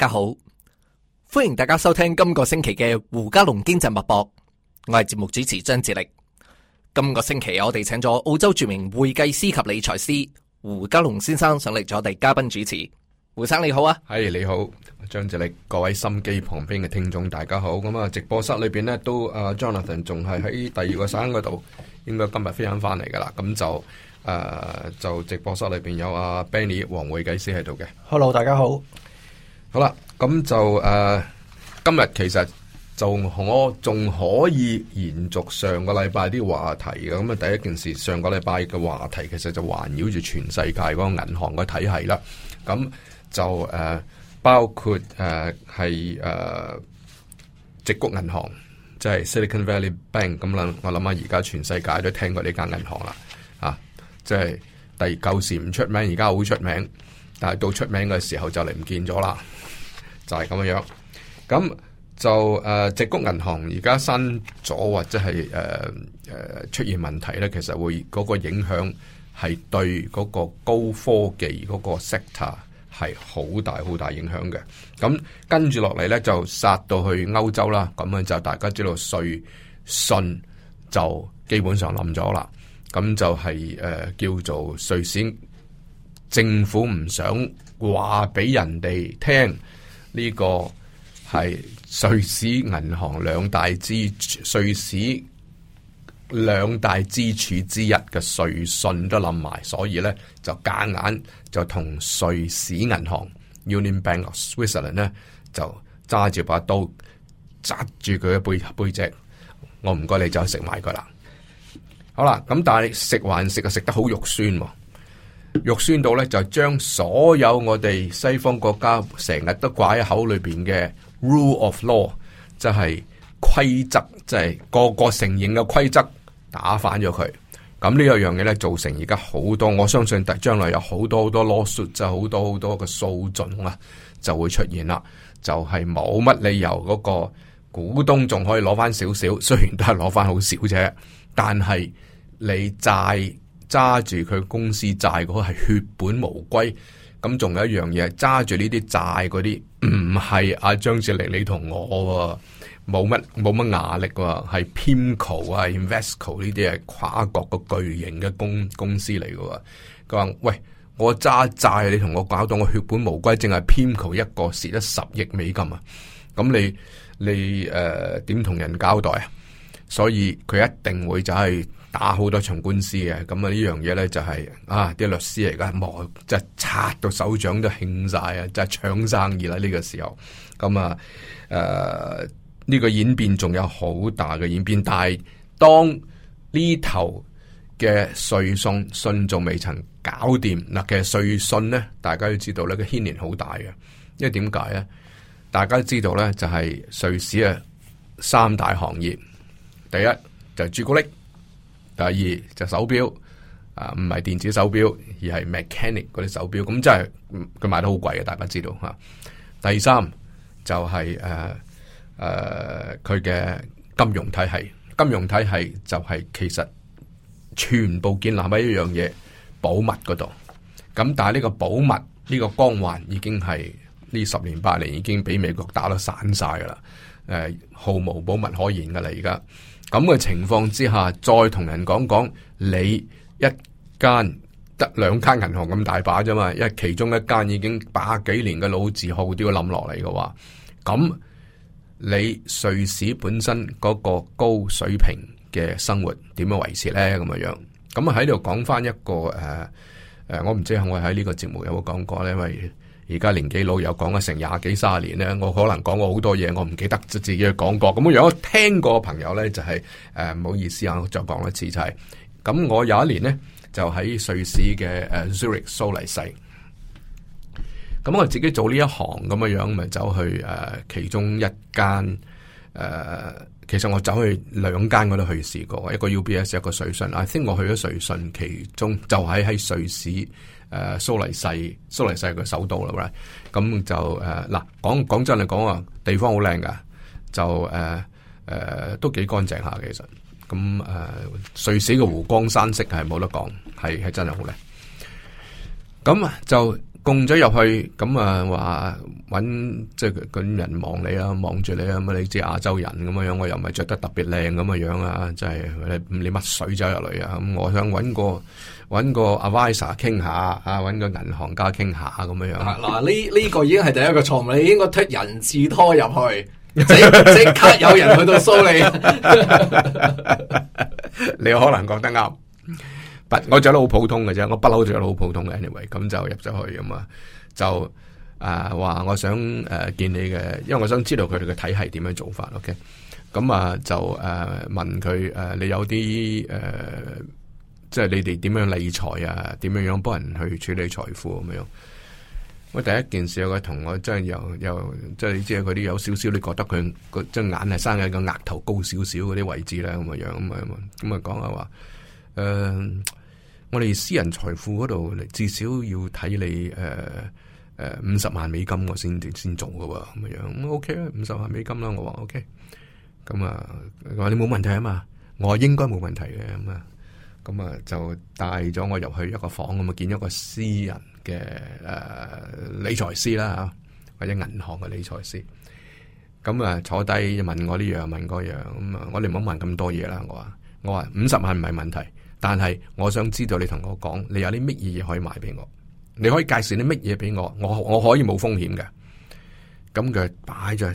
大家好，歡迎大家收聽今個星期嘅胡家龍經濟脈搏，我係節目主持張智力。今個星期我哋請咗澳洲著名會計師及理財師胡家龍先生上嚟做我哋嘉賓主持。胡生你好啊。係，你好，張智力各位心機旁邊嘅聽眾大家好，咁啊直播室裏邊呢都啊、呃、Jonathan 仲係喺第二個省嗰度，應該今日飛返翻嚟噶啦，咁就誒、呃、就直播室裏邊有阿、啊、Benny 黃會計師喺度嘅。Hello，大家好。好啦，咁就誒、啊，今日其實仲可仲可以延續上個禮拜啲話題嘅。咁啊，第一件事上個禮拜嘅話題其實就環繞住全世界嗰個銀行個體系啦。咁就誒、啊，包括誒係誒直谷銀行，即係 Silicon Valley Bank。咁啦，我諗下而家全世界都聽過呢間銀行啦，啊，即係第舊時唔出名，而家好出名，但係到出名嘅時候就嚟唔見咗啦。就係咁樣，咁就誒，矽、呃、谷銀行而家新咗或者係誒誒出現問題咧，其實會嗰個影響係對嗰個高科技嗰個 sector 係好大好大影響嘅。咁跟住落嚟咧，就殺到去歐洲啦。咁樣就大家知道，瑞信就基本上冧咗啦。咁就係、是、誒、呃、叫做瑞士政府唔想話俾人哋聽。呢個係瑞士銀行兩大支，瑞士兩大支柱之一嘅瑞信都冧埋，所以咧就夾硬就同瑞士銀行 Union Bank of Switzerland 咧就揸住把刀扎住佢嘅背背脊，我唔該你走去食埋佢啦。好啦，咁但係食還食啊，食得好肉酸喎。肉酸到咧，就將所有我哋西方國家成日都掛喺口裏邊嘅 rule of law，即係規則，即係個個承認嘅規則，打反咗佢。咁呢一樣嘢咧，造成而家好多，我相信第將來有好多好多 lawsuits，就好多好多嘅訴訟啊，就會出現啦。就係冇乜理由，嗰個股東仲可以攞翻少少，雖然都係攞翻好少啫，但係你債。揸住佢公司債嗰個係血本無歸，咁仲有一樣嘢，揸住呢啲債嗰啲唔係阿張志力，你同我冇乜冇乜壓力，係 Pimco 啊，Invesco 呢啲係跨國個巨型嘅公公司嚟嘅。佢話喂，我揸債你同我搞到我血本無歸，淨係 Pimco 一個蝕得十億美金啊！咁你你誒點同人交代啊？所以佢一定會就係、是。打好多場官司嘅，咁、就是，啊呢樣嘢呢，就係啊啲律師嚟噶，磨即係拆到手掌都興晒啊，即係搶生意啦呢，這個時候，咁啊誒呢，呃這個演變仲有好大嘅演變，但係當呢頭嘅瑞信信仲未曾搞掂嗱，其實瑞信呢，大家都知道呢，個牽連好大嘅，因為點解咧？大家都知道呢，就係、是、瑞士啊三大行業，第一就係朱古力。.第二就是、手錶，啊，唔係電子手錶，而係 mechanic 嗰啲手錶，咁即係佢賣得好貴嘅，大家知道吓、啊。第三就係誒誒，佢、啊、嘅、啊、金融體系，金融體系就係其實全部建立喺一樣嘢保密嗰度，咁、嗯、但係呢個保密呢個光環已經係呢十年八年已經俾美國打到散晒噶啦，誒、啊，毫無保密可言噶啦，而家。咁嘅情況之下，再同人講講你一間得兩間銀行咁大把啫嘛，因為其中一間已經百幾年嘅老字號都要冧落嚟嘅話，咁你瑞士本身嗰個高水平嘅生活點樣維持呢？咁樣樣咁喺度講翻一個誒誒、呃，我唔知我喺呢個節目有冇講過咧，因為。而家年紀老又講咗成廿幾三十年咧，我可能講過好多嘢，我唔記得自己嘅講過咁樣。我聽過嘅朋友咧就係誒唔好意思啊，我再講一次就係、是，咁我有一年咧就喺瑞士嘅誒、呃、Zurich 蘇黎世，咁我自己做呢一行咁樣樣，咪走去誒其中一間。誒，uh, 其實我走去兩間我都去試過，一個 UBS，一個瑞信。I think 我去咗瑞信，其中就喺喺瑞士誒蘇、uh, 黎世，蘇黎世嘅首都啦。咁、right? 就誒，嗱、uh,，講講真嚟講啊，地方好靚噶，就誒誒、uh, uh, 都幾乾淨下其實。咁誒，uh, 瑞士個湖光山色係冇得講，係係真係好靚。咁啊就。供咗入去，咁啊話搵即係咁人望你啊，望住你啊，咁啊你知亞洲人咁樣，我又唔係着得特別靚咁樣樣、就係、啊，就係你乜水走入嚟啊？咁我想搵個搵個阿 adviser 傾下啊，搵個銀行家傾下咁樣樣。嗱，呢呢個已經係第一個錯誤，你應該推人字拖入去， 即刻有人去到收你。 你可能覺得啱。我着得好普通嘅啫，我不嬲着得好普通嘅，anyway，咁就入咗去咁啊、嗯，就啊話、呃、我想誒、呃、見你嘅，因為我想知道佢哋嘅體係點樣做法，ok，咁、嗯、啊就誒、呃、問佢誒、呃、你有啲誒、呃，即係你哋點樣理財啊，點樣樣幫人去處理財富咁樣、嗯。我第一件事我同我真係又又即係，即係你知佢啲有少少，你覺得佢個隻眼係生喺個額頭高少少嗰啲位置咧，咁樣咁啊咁啊講下話誒。呃呃呃呃呃呃我哋私人財富嗰度，至少要睇你誒誒五十萬美金我先先做噶咁、啊、樣，咁、嗯、OK 啦，五十萬美金啦，我話 OK，咁啊，佢話你冇問題啊嘛，我話應該冇問題嘅咁啊，咁啊就帶咗我入去一個房，咁啊見一個私人嘅誒、呃、理財師啦吓、啊，或者銀行嘅理財師，咁啊坐低問我呢、這個這個、樣、啊、我問嗰樣，咁啊我哋唔好問咁多嘢啦，我話我話五十萬唔係問題。但係，我想知道你同我講，你有啲乜嘢嘢可以賣俾我？你可以介紹啲乜嘢俾我？我我可以冇風險嘅。咁佢擺咗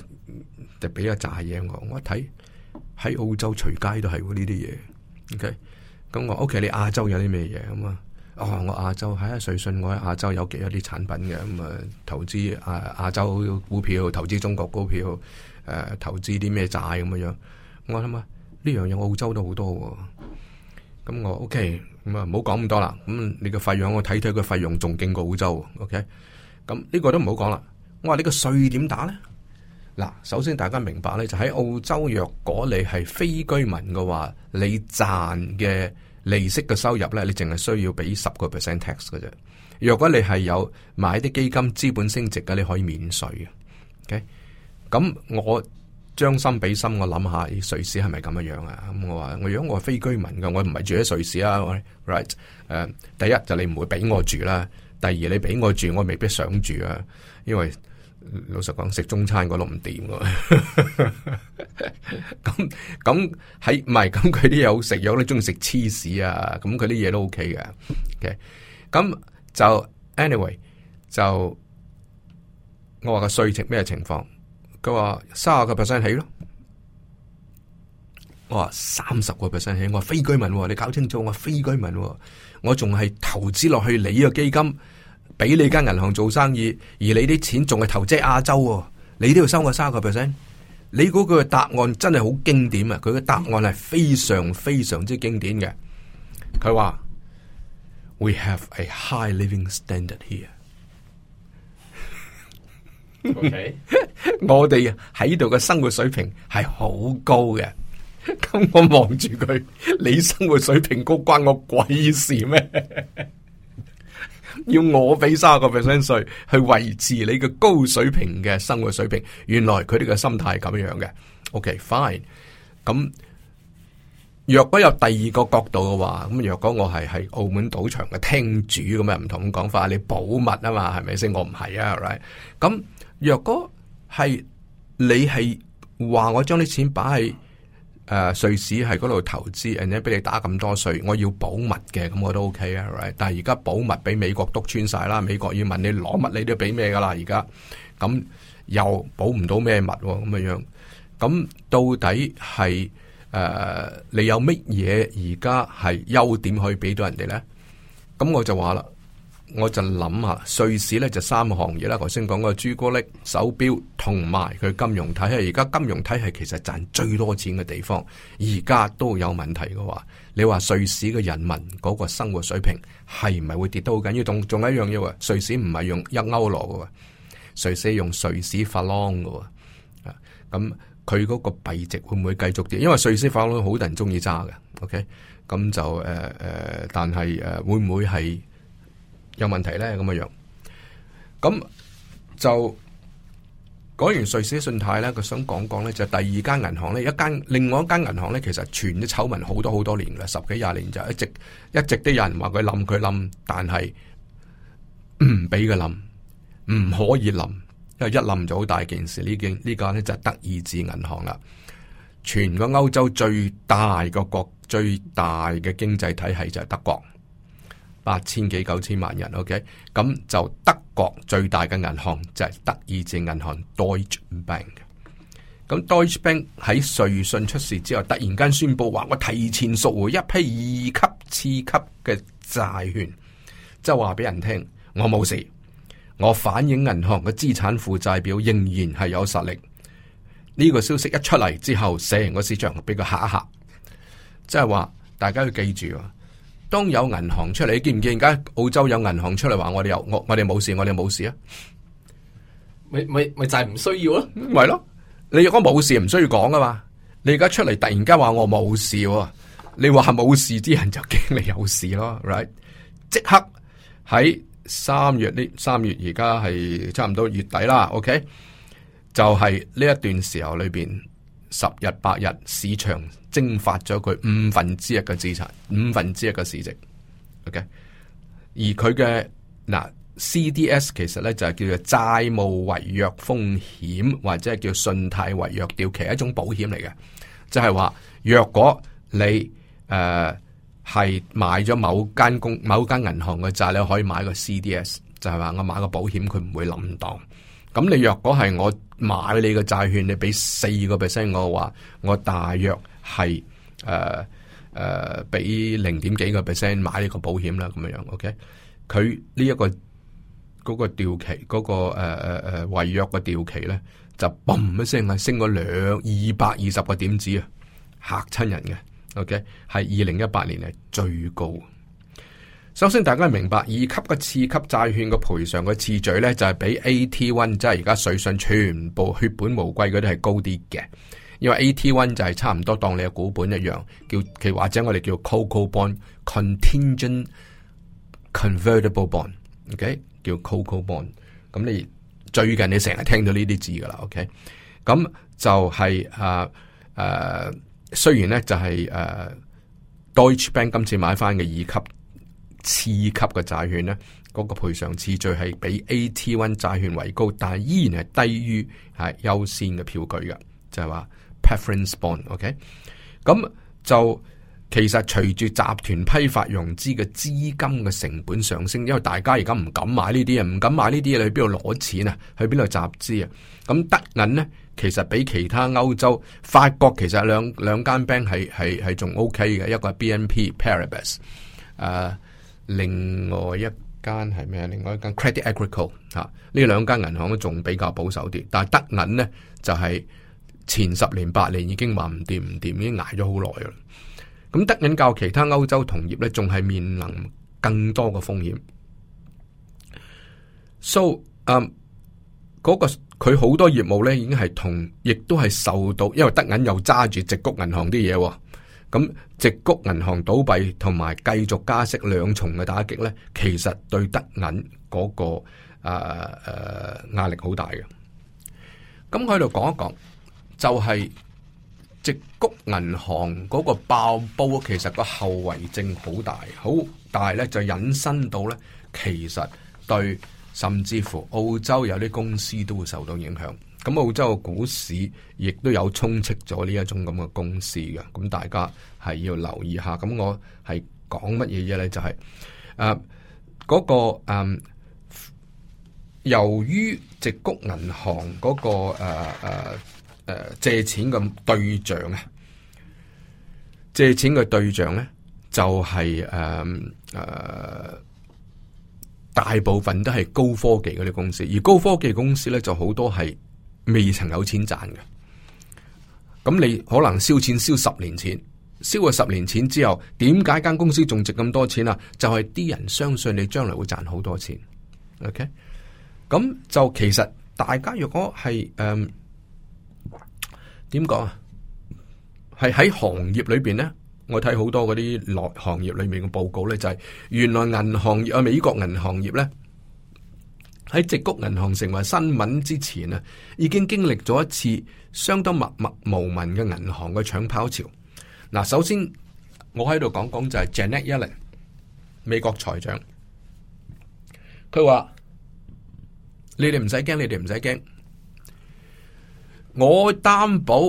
就俾一紮嘢我,我,、okay? 我, okay, 我。我一睇喺澳洲隨街都係呢啲嘢。OK，、哎、咁我 OK，你亞洲有啲咩嘢咁啊？哦，我亞洲喺啊瑞信，我喺亞洲有幾多啲產品嘅咁啊？投資啊亞洲股票，投資中國股票，誒、啊，投資啲咩債咁樣樣。樣我諗啊，呢樣嘢澳洲都好多。咁我 OK，咁啊唔好講咁多啦。咁你個費用我睇睇個費用仲勁過澳洲。OK，咁呢個都唔好講啦。我話你個稅點打咧？嗱，首先大家明白咧，就喺澳洲，若果你係非居民嘅話，你賺嘅利息嘅收入咧，你淨係需要俾十個 percent tax 嘅啫。若果你係有買啲基金，資本升值嘅，你可以免稅嘅。OK，咁我。將心比心，我諗下瑞士係咪咁樣樣啊？咁、嗯、我話我如果我係非居民嘅，我唔係住喺瑞士啊、right? uh, 第一就係、你唔會畀我住啦，第二你畀我住，我未必想住啊。因為老實講，食中餐嗰度唔掂嘅。咁咁喺唔係咁佢啲有食，有，咧中意食芝士啊，咁佢啲嘢都 OK 嘅。o、嗯、咁、嗯嗯、就 anyway 就我話個稅情咩情況？佢話卅個 percent 起咯，我話三十個 percent 起，我話非居民、哦，你搞清楚，我話非居民、哦，我仲係投資落去你個基金，俾你間銀行做生意，而你啲錢仲係投資亞洲、哦，你都要收我卅個 percent，你估佢個答案真係好經典啊！佢個答案係非常非常之經典嘅。佢話 We have a high living standard here。OK。 我哋喺度嘅生活水平係好高嘅，咁 我望住佢， 你生活水平高，關我鬼事咩？ 要我俾三十個 percent 稅去維持你嘅高水平嘅生活水平？原來佢哋嘅心態係咁樣嘅。OK，fine、okay, 嗯。咁若果有第二個角度嘅話，咁、嗯、若果我係喺澳門賭場嘅廳主咁啊，唔同咁講法，你保密啊嘛，係咪先？我唔係啊，right？咁、嗯、若果係你係話我將啲錢擺喺誒瑞士係嗰度投資，人哋俾你打咁多稅，我要保密嘅，咁我都 OK 啊，係咪？但係而家保密俾美國督穿晒啦，美國要問你攞乜，呃，你都俾咩㗎啦，而家咁又保唔到咩物咁樣，咁到底係誒你有乜嘢而家係優點可以俾到人哋咧？咁我就話啦。我就諗下瑞士咧，就三個行業啦，頭先講嗰個朱古力、手錶同埋佢金融體系。而家金融體系其實賺最多錢嘅地方，而家都有問題嘅話，你話瑞士嘅人民嗰個生活水平係唔係會跌得好緊要？仲仲有一樣嘢喎，瑞士唔係用一歐羅嘅，瑞士用瑞士法郎嘅。啊，咁佢嗰個幣值會唔會繼續跌？因為瑞士法郎好多人鍾意揸嘅。OK，咁就誒誒、呃，但係誒、呃、會唔會係？有問題呢，咁嘅樣，咁就講完瑞士信貸呢，佢想講講呢，就第二間銀行呢，一間另外一間銀行呢，其實傳咗醜聞好多好多年啦，十幾廿年就一直一直都有人話佢冧，佢冧，但係唔畀佢冧，唔可以冧，因為一冧就好大件事。呢件呢個呢，就係德意志銀行啦，全個歐洲最大個國，最大嘅經濟體係就係德國。八千幾九千萬人，OK，咁就德國最大嘅銀行就係、是、德意志銀行 Deutsche Bank。咁 Deutsche Bank 喺瑞信出事之後，突然間宣布話我提前贖回一批二級次級嘅債券，就話俾人聽我冇事，我反映銀行嘅資產負債表仍然係有實力。呢、這個消息一出嚟之後，成個市場俾佢嚇一嚇，即係話大家要記住。當有銀行出嚟，你見唔見？而家澳洲有銀行出嚟話我哋有，我我哋冇事，我哋冇事啊！咪咪咪就係唔需要咯、啊，咪 咯？你如果冇事唔需要講㗎嘛？你而家出嚟突然間話我冇事、啊，你話冇事啲人就驚你有事咯，right？即刻喺三月呢？三月而家係差唔多月底啦，OK？就係呢一段時候裏邊。十日、八日，市場蒸發咗佢五分之一嘅資產，五分之一嘅市值。OK，而佢嘅嗱 CDS 其實咧就係叫做債務違約風險，或者係叫信貸違約掉期，係一種保險嚟嘅。就係、是、話，若果你誒係、呃、買咗某間公某間銀行嘅債你可以買個 CDS，就係話我買個保險，佢唔會冧檔。咁你若果係我買你個債券，你畀四個 percent，我話我大約係誒誒俾零點幾個 percent 買呢個保險啦，咁樣樣，OK？佢呢一個嗰個掉期嗰個誒誒誒違約個掉期咧，就嘣一聲係升咗兩二百二十個點子啊，吓親人嘅，OK？係二零一八年係最高。首先，大家明白二級嘅次級債券嘅賠償嘅次序咧，就係、是、比 A T One，即係而家瑞信全部血本無歸嗰啲係高啲嘅。因為 A T One 就係差唔多當你嘅股本一樣，叫其或者我哋叫 Coco Bond Contingent Convertible Bond，OK、okay? 叫 Coco Bond。咁你最近你成日聽到呢啲字㗎喇，OK、就是。咁就係啊誒，雖然咧就係、是、誒、呃、Deutsche Bank 今次買返嘅二級。次級嘅債券呢，嗰、那個賠償次序係比 AT1 債券為高，但係依然係低於係優先嘅票據嘅，就係、是、話 Preference Bond，OK？、Okay？咁就其實隨住集團批發融資嘅資金嘅成本上升，因為大家而家唔敢買呢啲啊，唔敢買呢啲，嘢，你去邊度攞錢啊？去邊度集資啊？咁德銀呢，其實比其他歐洲法國其實兩兩間 bank 係係係仲 OK 嘅，一個係 BNP Paribas 誒、呃。另外一間係咩啊？另外一間 Credit Agricole 吓，呢兩間銀行都仲比較保守啲，但係德銀呢，就係、是、前十年八年已經話唔掂唔掂，已經挨咗好耐啦。咁德銀較其他歐洲同業呢，仲係面臨更多嘅風險。So 嗯、um, 那個，嗰個佢好多業務呢，已經係同，亦都係受到，因為德銀又揸住矽谷銀行啲嘢。咁直谷銀行倒閉同埋繼續加息兩重嘅打擊咧，其實對德銀嗰個啊誒壓力好大嘅。咁喺度講一講，就係直谷銀行嗰個爆煲，其實個後遺症好大，好大咧就引申到咧，其實對甚至乎澳洲有啲公司都會受到影響。咁澳洲嘅股市亦都有充斥咗呢一種咁嘅公司嘅，咁大家係要留意下。咁我係講乜嘢嘢咧？就係誒嗰個誒、啊，由於矽谷銀行嗰、那個誒誒誒借錢嘅對象啊，借錢嘅對象咧就係誒誒，大部分都係高科技嗰啲公司，而高科技公司咧就好多係。未曾有錢賺嘅，咁你可能燒錢燒十年錢，燒過十年錢之後，點解間公司仲值咁多錢啊？就係、是、啲人相信你將來會賺好多錢，OK？咁就其實大家若果係誒，點講啊？係喺行業裏邊呢。我睇好多嗰啲內行業裏面嘅報告咧，就係、是、原來銀行業啊，美國銀行業咧。喺直谷銀行成為新聞之前啊，已經經歷咗一次相當默默無聞嘅銀行嘅搶跑潮。嗱，首先我喺度講講就係 Janet Yellen，美國財長，佢話你哋唔使驚，你哋唔使驚，我擔保，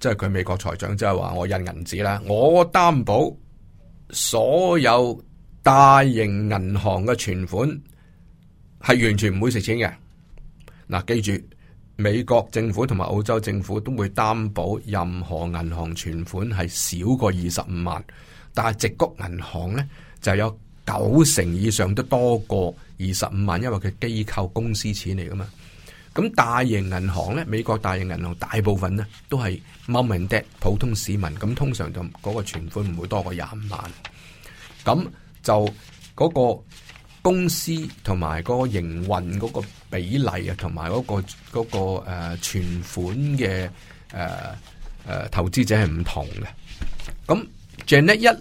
即係佢美國財長，即係話我印銀紙啦，我擔保所有大型銀行嘅存款。係完全唔會蝕錢嘅。嗱、啊，記住美國政府同埋澳洲政府都會擔保任何銀行存款係少過二十五萬，但係矽谷銀行咧就有九成以上都多過二十五萬，因為佢機構公司錢嚟噶嘛。咁大型銀行咧，美國大型銀行大部分咧都係冇人跌，普通市民咁通常就嗰個存款唔會多過廿五萬。咁就嗰、嗰個。公司同埋嗰個營運嗰個比例啊，同埋嗰個嗰個誒存款嘅誒誒投資者係唔同嘅。咁 Janet 一二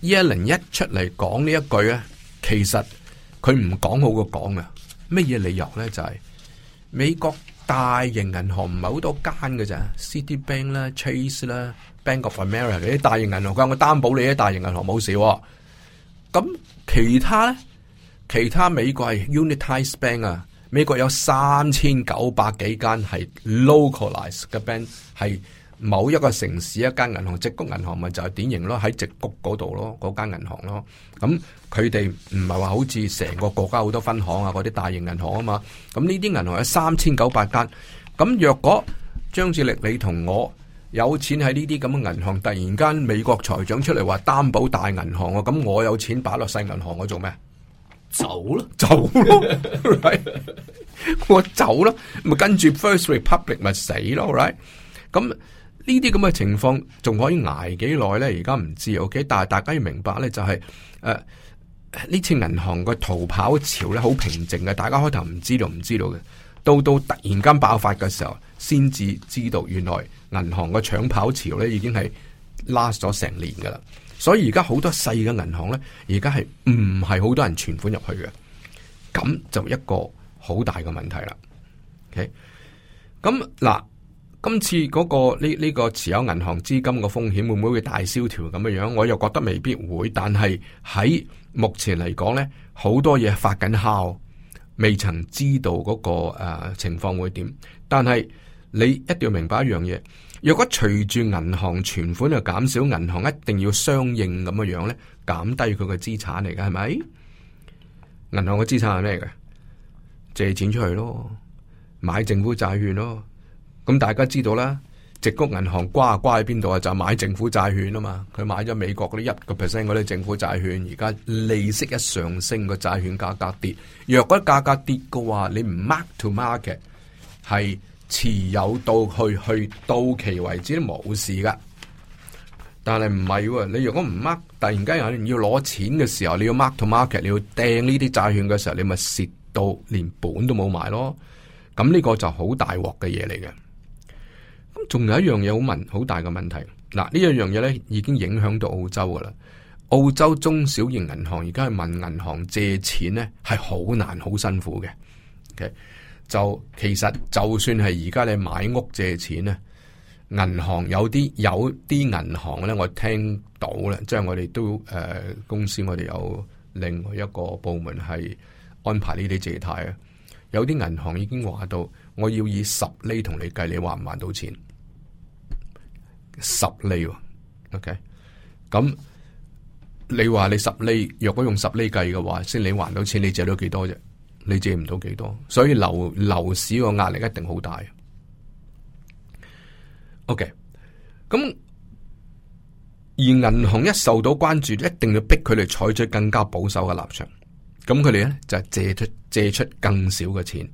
一零一出嚟講呢一句咧，其實佢唔講好過講嘅，咩嘢理由咧就係美國大型銀行唔係好多間㗎咋，Citibank 啦、Chase 啦、Bank of America 啲大型銀行，佢有冇擔保你啲大型銀行冇事？咁其他咧？其他美國係 unitized bank 啊，美國有三千九百幾間係 localized 嘅 bank，係某一個城市一間銀行，矽谷銀行咪就係典型咯，喺矽谷嗰度咯，嗰間銀行咯。咁佢哋唔係話好似成個國家好多分行啊，嗰啲大型銀行啊嘛。咁呢啲銀行有三千九百間，咁、嗯、若果張志力你同我有錢喺呢啲咁嘅銀行，突然間美國財長出嚟話擔保大銀行、啊，我、嗯、咁我有錢擺落細銀行，我做咩？走咯，走咯、 right? 我走咯，咪跟住 First Republic 咪死咯，All right，咁呢啲咁嘅情況仲可以挨幾耐咧？而家唔知，ok？但係大家要明白咧、就是，就係誒呢次銀行嘅逃跑潮咧，好平靜嘅，大家開頭唔知道，唔知道嘅，到到突然間爆發嘅時候，先至知道原來銀行嘅搶跑潮咧已經係 last 咗成年噶啦。所以而家好多細嘅銀行呢，而家係唔係好多人存款入去嘅，咁就一個好大嘅問題啦。咁、okay? 嗱，今次嗰個呢呢個持有銀行資金嘅風險會唔會大蕭條咁樣樣？我又覺得未必會，但係喺目前嚟講呢，好多嘢發緊酵，未曾知道嗰個誒、呃、情況會點。但係你一定要明白一樣嘢。若果隨住銀行存款又減少，銀行一定要相應咁樣樣咧，減低佢個資產嚟㗎係咪？銀行個資產係咩嘅？借錢出去咯，買政府債券咯。咁、嗯、大家知道啦，直谷銀行瓜瓜喺邊度啊？就買政府債券啊嘛。佢買咗美國嗰啲一個 percent 嗰啲政府債券，而家利息一上升，個債券價格跌。若果價格跌嘅話，你唔 mark to market 係。持有到去去到期為止都冇事噶，但係唔係喎？你如果唔 mark，突然間有人要攞錢嘅時候，你要 mark to market，你要掟呢啲債券嘅時候，你咪蝕到連本都冇埋咯。咁呢個就好大鑊嘅嘢嚟嘅。咁仲有一樣嘢好問好大嘅問題。嗱，呢樣嘢呢，已經影響到澳洲噶啦。澳洲中小型銀行而家係問銀行借錢呢係好難好辛苦嘅。Okay？就其實就算係而家你買屋借錢咧，銀行有啲有啲銀行咧，我聽到啦，即係我哋都誒、呃、公司，我哋有另外一個部門係安排呢啲借貸啊。有啲銀行已經話到，我要以十厘同你計，你還唔還到錢？十厘哦，OK？咁你話你十厘，若果用十厘計嘅話，先你還到錢，你借到幾多啫？你借唔到幾多，所以樓樓市個壓力一定好大。OK，咁而銀行一受到關注，一定要逼佢哋採取更加保守嘅立場。咁佢哋咧就係借出借出更少嘅錢，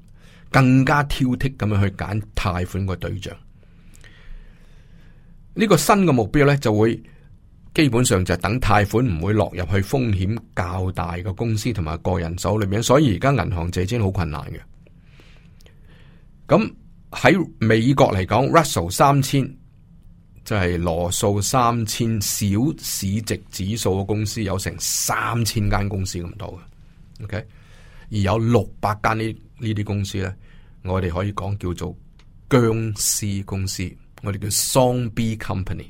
更加挑剔咁樣去揀貸款個對象。呢個新嘅目標咧就會。基本上就等貸款唔會落入去風險較大嘅公司同埋個人手裏面，所以而家銀行借錢好困難嘅。咁喺美國嚟講，Russell 三千就係羅素三千小市值指數嘅公司有成三千間公司咁多嘅，OK？而有六百間呢呢啲公司咧，我哋可以講叫做僵屍公司，我哋叫 Song B Company。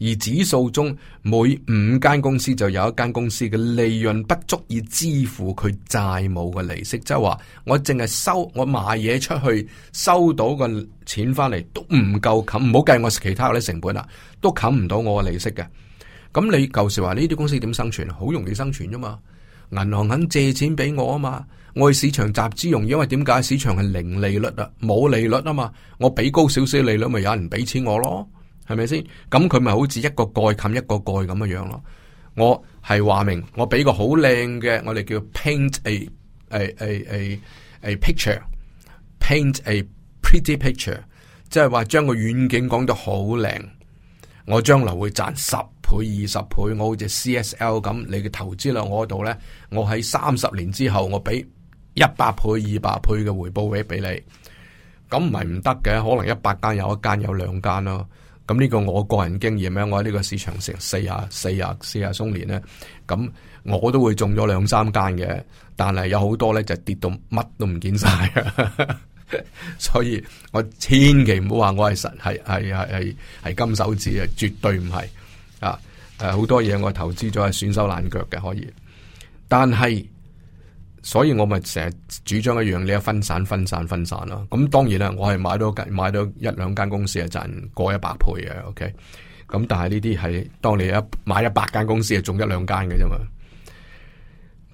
而指數中每五間公司就有一間公司嘅利潤不足以支付佢債務嘅利息，即係話我淨係收我賣嘢出去收到個錢翻嚟都唔夠冚，唔好計我其他嗰啲成本啦，都冚唔到我嘅利息嘅。咁你舊時話呢啲公司點生存啊？好容易生存啫嘛，銀行肯借錢畀我啊嘛，我去市場集資用，因為點解市場係零利率啊，冇利率啊嘛，我畀高少少利率咪有人畀錢我咯。係咪先？咁佢咪好似一個蓋冚一個蓋咁嘅樣咯。我係話明我，我俾個好靚嘅，我哋叫 paint a, a, a, a picture, paint a picture，paint a pretty picture，即係話將個遠景講得好靚。我將來會賺十倍、二十倍，我好似 CSL 咁，你嘅投資量我度呢，我喺三十年之後，我俾一百倍、二百倍嘅回報俾俾你。咁唔係唔得嘅，可能一百間有一間有兩間咯。咁呢個我個人經驗咩？我喺呢個市場成四啊四啊四啊鬆年咧，咁我都會中咗兩三間嘅，但係有好多咧就跌到乜都唔見晒， 所以我千祈唔好話我係實係係係係金手指啊，絕對唔係啊！誒、啊、好多嘢我投資咗係損手爛腳嘅可以，但係。所以我咪成日主張一樣，你一分散、分散、分散咯。咁當然啦，我係買多間、買多一兩間公司係賺過一百倍嘅。OK，咁但係呢啲係當你一買一百間公司，係中一兩間嘅啫嘛。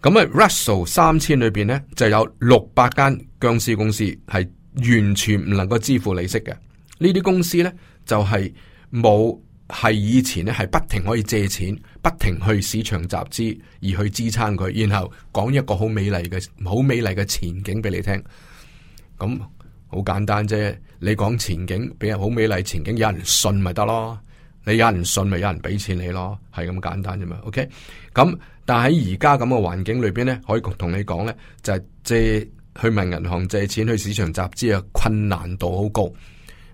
咁啊，Russell 三千裏邊咧就有六百間殭屍公司係完全唔能夠支付利息嘅。呢啲公司咧就係冇。係以前咧，係不停可以借錢，不停去市場集資，而去支撐佢，然後講一個好美麗嘅、好美麗嘅前景俾你聽。咁好簡單啫，你講前景俾人好美麗，前景有人信咪得咯？你有人信咪有人俾錢你咯？係咁簡單啫嘛。OK，咁但係而家咁嘅環境裏邊咧，可以同同你講咧，就係借去問銀行借錢去市場集資啊，困難度好高。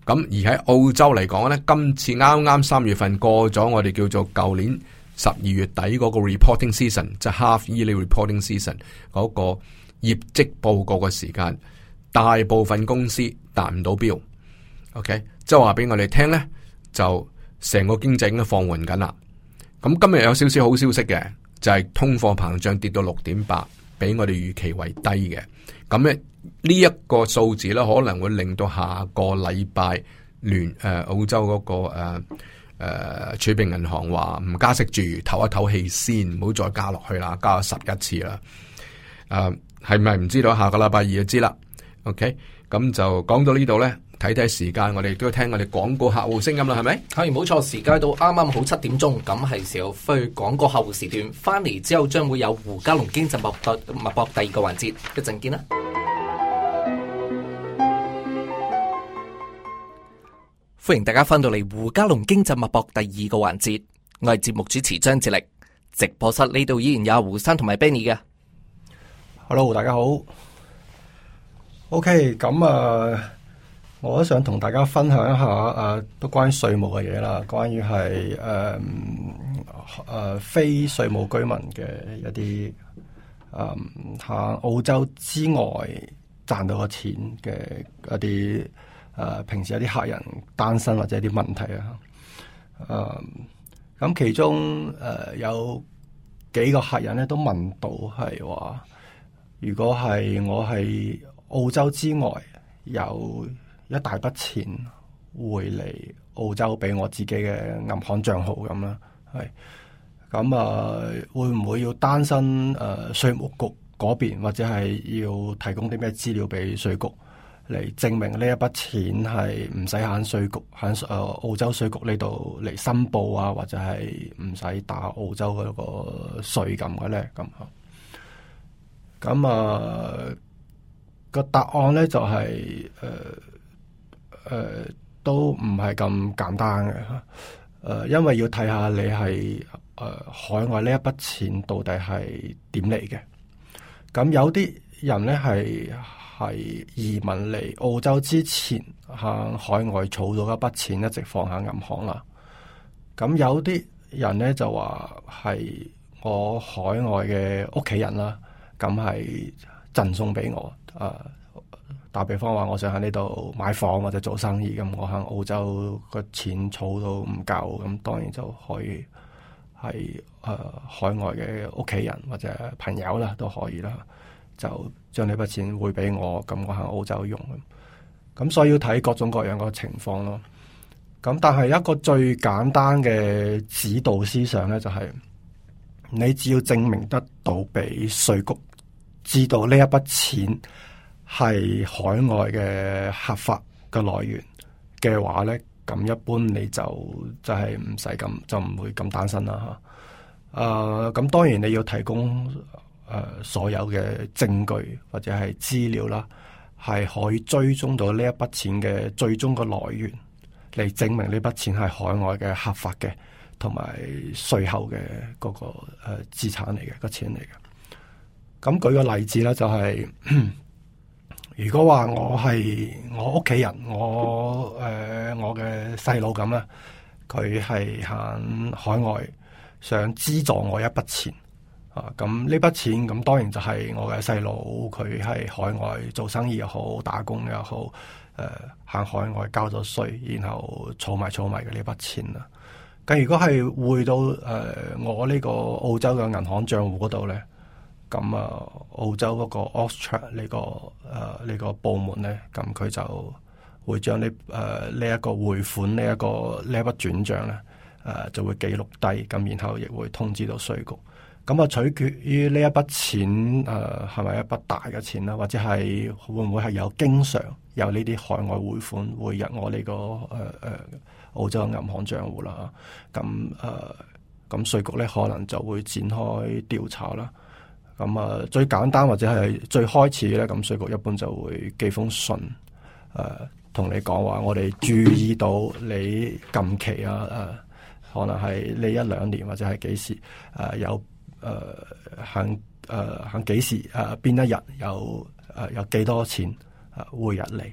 咁而喺澳洲嚟講呢，今次啱啱三月份過咗，我哋叫做舊年十二月底嗰個 re season, reporting season，即係 half yearly reporting season 嗰個業績報告嘅時間，大部分公司達唔到標。OK，即係話俾我哋聽呢，就成個經濟已經放緩緊啦。咁、嗯、今日有少少好消息嘅，就係、是、通貨膨脹跌到六點八，比我哋預期為低嘅。咁、嗯、呢。呢一個數字咧，可能會令到下個禮拜聯誒、呃、澳洲嗰、那個誒誒儲備銀行話唔加息住，唞一唞氣先，唔好再加落去啦，加咗十一次啦。誒、呃，係咪？唔知道下個禮拜二就知啦。OK，咁就講到呢度咧，睇睇時間，我哋都要聽我哋廣告客戶聲音啦，係咪？係冇錯，時間到，啱啱好七點鐘，咁係時候去廣告客戶時段。翻嚟之後，將會有胡嘉龍經濟脈搏脈搏第二個環節，一陣見啦。歡迎大家翻到嚟胡嘉龍經濟脈搏第二個環節，我係節目主持張智力，直播室呢度依然有胡生同埋 Benny 嘅。Hello，大家好。OK，咁啊，我都想同大家分享一下誒、啊，都關於稅務嘅嘢啦，關於係誒誒非稅務居民嘅一啲誒，喺、嗯、澳洲之外賺到嘅錢嘅一啲。誒，平時有啲客人擔心或者啲問題啊，誒、嗯，咁其中誒、呃、有幾個客人咧都問到係話，如果係我係澳洲之外有一大筆錢匯嚟澳洲俾我自己嘅銀行賬號咁啦，係、嗯，咁、嗯、啊，會唔會要擔心誒、呃，稅務局嗰邊或者係要提供啲咩資料俾稅局？嚟證明呢一筆錢係唔使喺稅局喺誒澳洲稅局呢度嚟申報啊，或者係唔使打澳洲嗰個稅咁嘅咧，咁啊，咁啊個答案咧就係誒誒都唔係咁簡單嘅，誒、呃，因為要睇下你係誒、呃、海外呢一筆錢到底係點嚟嘅，咁有啲人咧係。係移民嚟澳洲之前，向海外儲到一筆錢，一直放喺銀行啦。咁有啲人咧就話係我海外嘅屋企人啦，咁係贈送俾我。誒、啊，打比方話，我想喺呢度買房或者做生意咁，我向澳洲個錢儲到唔夠，咁當然就可以係誒、啊、海外嘅屋企人或者朋友啦，都可以啦。就將呢筆錢匯俾我，咁我喺澳洲用咁，咁所以要睇各種各樣嘅情況咯。咁但係一個最簡單嘅指導思想呢，就係、是、你只要證明得到俾稅局知道呢一筆錢係海外嘅合法嘅來源嘅話呢，咁一般你就真係唔使咁，就唔會咁擔心啦吓。誒、啊，咁當然你要提供。誒、呃，所有嘅證據或者係資料啦，係可以追蹤到呢一筆錢嘅最終個來源，嚟證明呢筆錢係海外嘅合法嘅，同埋稅後嘅嗰個誒資產嚟嘅個錢嚟嘅。咁舉個例子啦、就是、就係如果話我係我屋企人，我誒、呃、我嘅細佬咁啦，佢係響海外想資助我一筆錢。啊，咁呢筆錢咁當然就係我嘅細佬佢喺海外做生意又好，打工又好，誒、呃、行海外交咗稅，然後儲埋儲埋嘅呢筆錢啦。咁如果係匯到誒、呃、我呢個澳洲嘅銀行賬戶嗰度咧，咁啊澳洲嗰個 Australia 呢、呢個誒呢、呃呢個部門咧，咁佢就會將、呃呢個呢個、呢誒呢一個匯款呢一個呢筆轉賬咧誒就會記錄低，咁然後亦會通知到稅局。咁啊、嗯，取決於呢一筆錢，誒係咪一筆大嘅錢啦，或者係會唔會係有經常有呢啲海外匯款匯入我哋、呢個誒誒、呃、澳洲嘅銀行帳戶啦？咁誒咁稅局咧可能就會展開調查啦。咁、嗯、啊、嗯，最簡單或者係最開始咧，咁稅局一般就會寄封信誒，同、啊、你講話，我哋注意到你近期啊誒，可能係呢一兩年或者係幾時誒、啊、有。誒，響誒、呃，響、呃、幾、呃、時誒？邊、呃、一日有誒、呃？有幾多錢誒？匯入嚟？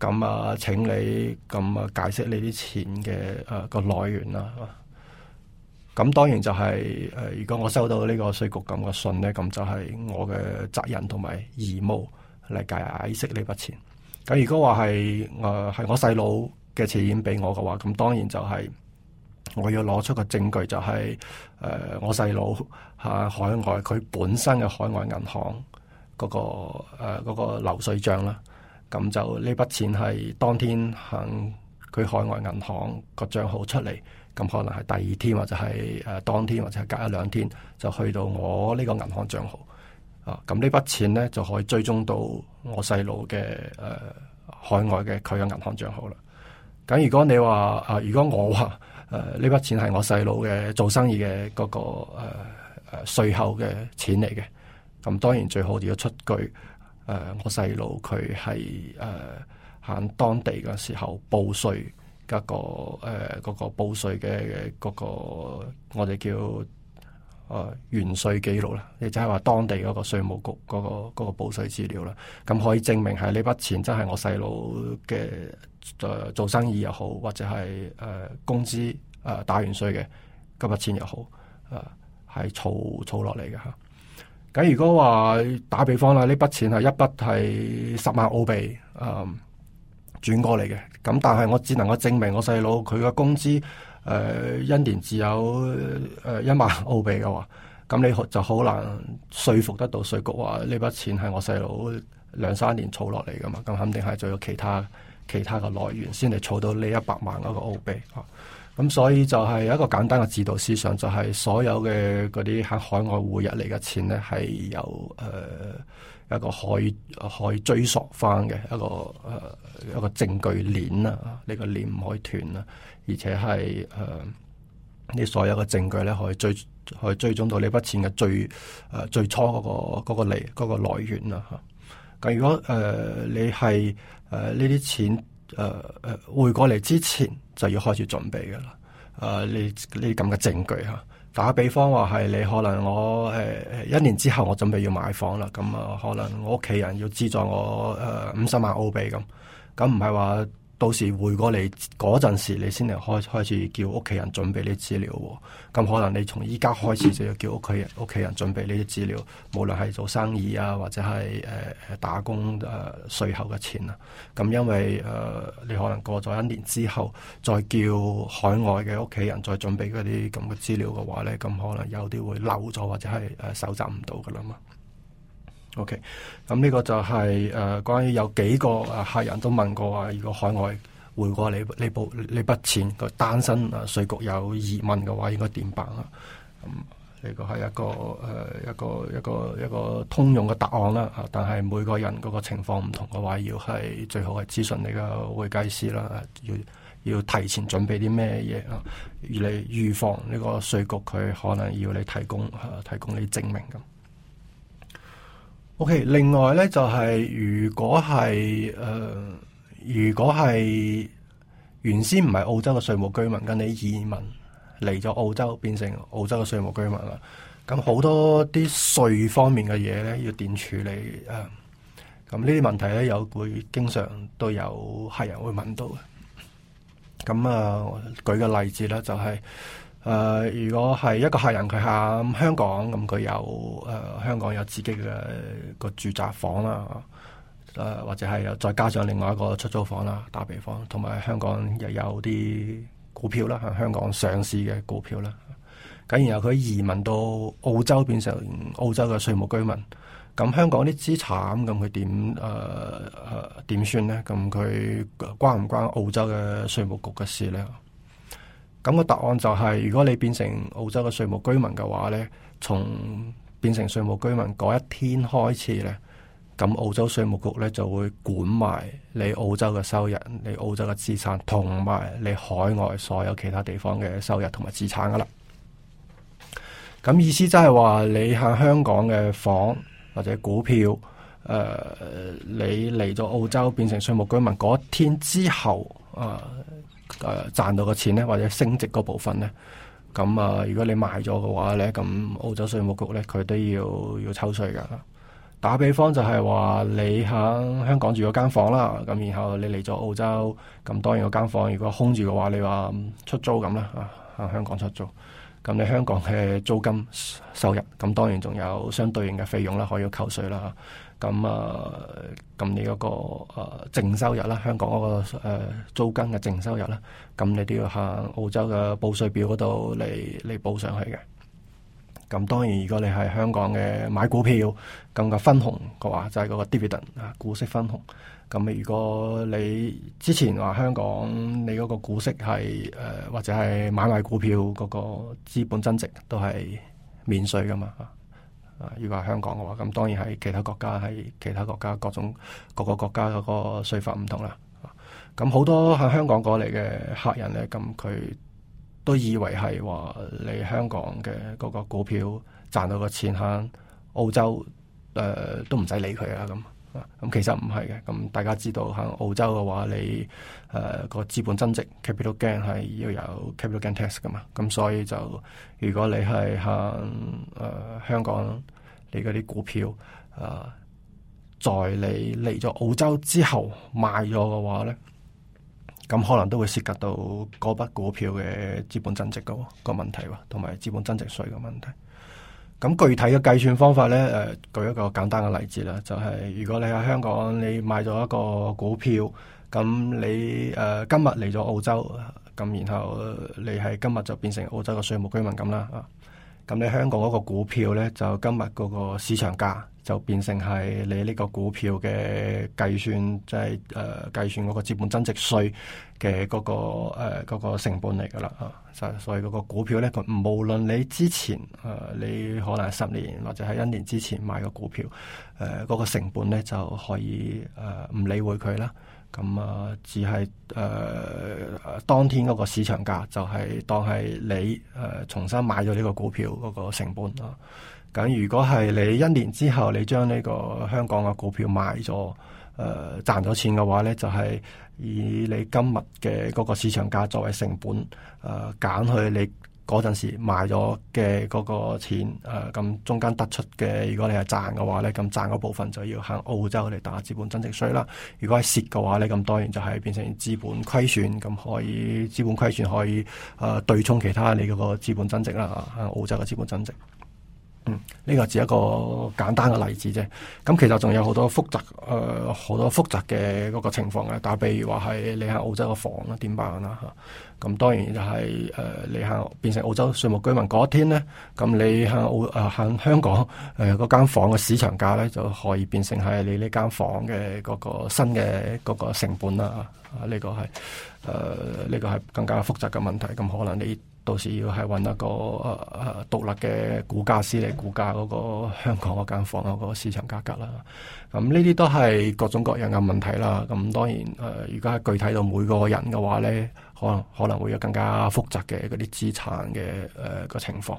咁啊，請你咁啊，解釋你啲錢嘅誒、啊、個來源啦。咁、啊、當然就係、是、誒、啊，如果我收到呢個稅局咁嘅信咧，咁就係我嘅責任同埋義務嚟解釋呢筆錢。咁如果話係誒係我細佬嘅錢俾我嘅話，咁當然就係、是。我要攞出個證據、就是，就係誒，我細佬喺海外佢本身嘅海外銀行嗰、嗰個誒、呃嗰個流水賬啦。咁就呢筆錢係當天行佢海外銀行個賬號出嚟，咁可能係第二天或者係誒當天或者係隔一兩天就去到我呢個銀行賬號啊。咁呢筆錢呢，就可以追蹤到我細佬嘅誒海外嘅佢嘅銀行賬號啦。咁如果你話啊，如果我話。誒呢筆錢係我細佬嘅做生意嘅嗰、嗰個誒稅後嘅錢嚟嘅，咁當然最好就要出具誒、呃、我細佬佢係誒喺當地嘅時候報稅嗰、嗰個誒嗰、呃嗰個報稅嘅嗰、嗰個我哋叫誒完、呃、稅記錄啦，亦就係話當地嗰個稅務局嗰、嗰個嗰、嗰個嗰個、報稅資料啦，咁可以證明係呢筆錢真係我細佬嘅。誒，做生意又好，或者係誒、呃、工資誒、呃、打完稅嘅嗰筆錢又好，誒係儲儲落嚟嘅吓。咁如果話打比方啦，呢筆錢係一筆係十萬澳幣誒轉過嚟嘅，咁但係我只能夠證明我細佬佢嘅工資誒、呃、一年只有誒一萬澳幣嘅話，咁你就好難說服得到稅局話呢筆錢係我細佬兩三年儲落嚟噶嘛，咁肯定係仲有其他。其他嘅來源先嚟儲到呢一百萬嗰個澳幣嚇，咁所以就係有一個簡單嘅指導思想，就係、是、所有嘅嗰啲喺海外匯入嚟嘅錢咧，係由誒一個可以可以追溯翻嘅一個、呃、一個證據鏈啊，呢、這個鏈唔可以斷啊，而且係誒、呃、你所有嘅證據咧可以追可以追蹤到呢筆錢嘅最誒、呃、最初嗰、那個嚟嗰、那個那個來源啊嚇。咁如果誒、呃、你係誒呢啲錢誒誒、呃、匯過嚟之前就要開始準備嘅啦。誒、呃、你呢啲咁嘅證據嚇，打比方話係你可能我誒、呃、一年之後我準備要買房啦，咁啊可能我屋企人要資助我誒五十萬澳幣咁，咁唔係話，到時回過嚟嗰陣時，你先嚟開開始叫屋企人準備啲資料喎。咁可能你從依家開始就要叫屋企人屋企 人準備呢啲資料，無論係做生意啊，或者係誒、呃、打工誒稅後嘅錢啊。咁因為誒、呃、你可能過咗一年之後，再叫海外嘅屋企人再準備嗰啲咁嘅資料嘅話咧，咁可能有啲會漏咗或者係誒搜集唔到㗎啦嘛。OK，咁、嗯、呢、這個就係、是、誒、呃，關於有幾個、啊、客人都問過話，如果海外匯過你呢部呢筆錢個單身啊稅局有疑問嘅話，應該點辦啊？咁、嗯、呢、這個係一個誒、呃、一個一個一個通用嘅答案啦。吓、啊，但係每個人嗰個情況唔同嘅話，要係最好係諮詢你嘅會計師啦、啊。要要提前準備啲咩嘢啊？如你預防呢個稅局佢可能要你提供吓、啊，提供你證明咁。OK，另外呢，就係、是、如果係誒、呃，如果係原先唔係澳洲嘅稅務居民，跟你移民嚟咗澳洲變成澳洲嘅稅務居民啦，咁好多啲稅方面嘅嘢呢，要點處理啊？咁呢啲問題呢，有會經常都有客人會問到嘅。咁啊，舉個例子啦，就係、是。誒、呃，如果係一個客人佢喺香港，咁佢有誒、呃、香港有自己嘅個住宅房啦，誒、呃、或者係又再加上另外一個出租房啦，打比方，同埋香港又有啲股票啦，喺香港上市嘅股票啦。咁、啊、然後佢移民到澳洲變成澳洲嘅稅務居民，咁、啊、香港啲資產咁佢點誒誒點算呢？咁佢關唔關澳洲嘅稅務局嘅事呢？咁個答案就係，如果你變成澳洲嘅稅務居民嘅話呢，從變成稅務居民嗰一天開始呢，咁澳洲稅務局呢就會管埋你澳洲嘅收入、你澳洲嘅資產，同埋你海外所有其他地方嘅收入同埋資產噶啦。咁意思即係話，你喺香港嘅房或者股票，誒、呃，你嚟咗澳洲變成稅務居民嗰一天之後，啊、呃。誒賺到嘅錢呢，或者升值嗰部分呢。咁啊，如果你賣咗嘅話咧，咁澳洲稅務局呢，佢都要要抽稅噶。打比方就係話，你喺香港住嗰間房啦，咁然後你嚟咗澳洲，咁當然嗰間房如果空住嘅話，你話出租咁啦嚇，喺、啊、香港出租，咁你香港嘅租金收入，咁當然仲有相對應嘅費用啦，可以扣稅啦咁啊，咁你嗰、嗰個誒、呃、淨收入啦，香港嗰、嗰個、呃、租金嘅淨收入啦，咁你都要向澳洲嘅報稅表嗰度嚟嚟報上去嘅。咁當然，如果你係香港嘅買股票咁嘅、嗰個、分紅嘅話，就係、係、嗰個 dividend 啊，股息分紅。咁如果你之前話香港你嗰個股息係誒、呃、或者係買賣股票嗰個資本增值都係免稅噶嘛嚇。啊，如果係香港嘅話，咁當然係其他國家，係其他國家各種各個國家嗰個稅法唔同啦。咁好多喺香港過嚟嘅客人咧，咁佢都以為係話你香港嘅嗰個股票賺到個錢，喺澳洲誒、呃、都唔使理佢啊咁。咁其實唔係嘅，咁大家知道響澳洲嘅話，你誒個資本增值 capital gain 係要有 capital gain tax 噶嘛，咁所以就如果你係向誒香港你嗰啲股票啊，在你嚟咗澳洲之後賣咗嘅話咧，咁可能都會涉及到嗰筆股票嘅資本增值嘅個問題，同埋資本增值稅嘅問題。咁具體嘅計算方法咧，誒、呃、舉一個簡單嘅例子啦，就係、是、如果你喺香港你買咗一個股票，咁你誒、呃、今日嚟咗澳洲，咁然後你係今日就變成澳洲嘅稅務居民咁啦啊，咁你香港嗰個股票咧就今日嗰個市場價。就變成係你呢個股票嘅計算，即係誒計算嗰個資本增值稅嘅嗰個誒、呃那個、成本嚟㗎啦啊！就所以嗰個股票咧，佢無論你之前誒、啊、你可能係十年或者係一年之前買嘅股票，誒、呃、嗰、那個成本咧就可以誒唔、呃、理會佢啦。咁啊，只係誒、呃、當天嗰個市場價就係當係你誒、呃、重新買咗呢個股票嗰個成本啊。咁如果係你一年之後你將呢個香港嘅股票賣咗，誒、呃、賺咗錢嘅話呢就係、是、以你今日嘅嗰個市場價作為成本，誒、呃、減去你嗰陣時賣咗嘅嗰個錢，咁、呃、中間得出嘅，如果你係賺嘅話呢咁賺嗰部分就要向澳洲嚟打資本增值稅啦。如果係蝕嘅話呢咁當然就係變成資本虧損，咁可以資本虧損可以誒、呃、對沖其他你嗰個資本增值啦，向澳洲嘅資本增值。呢、嗯，這個只一個簡單嘅例子啫。咁、嗯、其實仲有好多複雜，誒、呃，好多複雜嘅嗰個情況嘅。打比如話係你喺澳洲嘅房啦，點辦啦吓？咁、嗯、當然就係、是、誒、呃，你喺變成澳洲稅務居民嗰一天咧，咁、嗯、你喺澳誒喺、呃、香港誒嗰間房嘅市場價咧，就可以變成係你呢間房嘅嗰個新嘅嗰個成本啦。啊，呢、這個係誒呢個係更加複雜嘅問題。咁、嗯、可能你。到時要係搵一個誒獨立嘅估價師嚟估價嗰個香港嗰間房啊，個市場價格，格啦，咁呢啲都係各種各樣嘅問題啦。咁、嗯、當然、呃、如果係具體到每個人嘅話咧，可能可能會有更加複雜嘅嗰啲資產嘅誒個情況。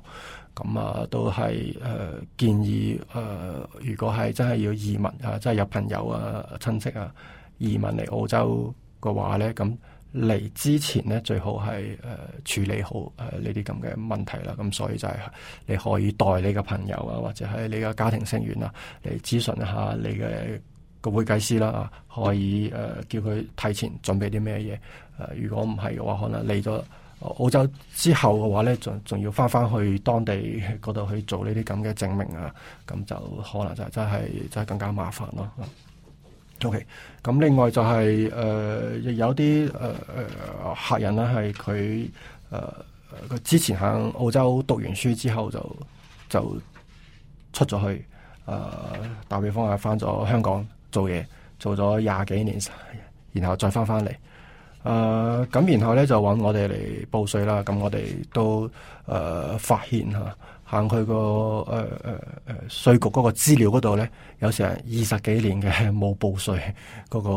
咁、嗯、啊，都係誒、呃、建議誒、呃，如果係真係要移民啊，即、就、係、是、有朋友啊、親戚啊移民嚟澳洲嘅話咧，咁、嗯。嚟之前咧，最好係誒、呃、處理好誒呢啲咁嘅問題啦。咁所以就係你可以代你嘅朋友啊，或者係你嘅家庭成員啊嚟諮詢下你嘅個會計師啦。啊、可以誒、呃、叫佢提前準備啲咩嘢？誒、呃、如果唔係嘅話，可能嚟咗澳洲之後嘅話咧，仲仲要翻翻去當地嗰度去做呢啲咁嘅證明啊。咁就可能就真係、真係真係更加麻煩咯。O.K. 咁另外就係誒亦有啲誒誒客人咧，係佢誒個之前喺澳洲讀完書之後就就出咗去誒、打、呃、比方係返咗香港做嘢，做咗廿幾年，然後再返返嚟誒，咁、呃、然後咧就搵我哋嚟報稅啦。咁我哋都誒、呃、發現吓。行佢、那個誒誒誒稅局嗰個資料嗰度咧，有成二十幾年嘅冇報稅嗰、那個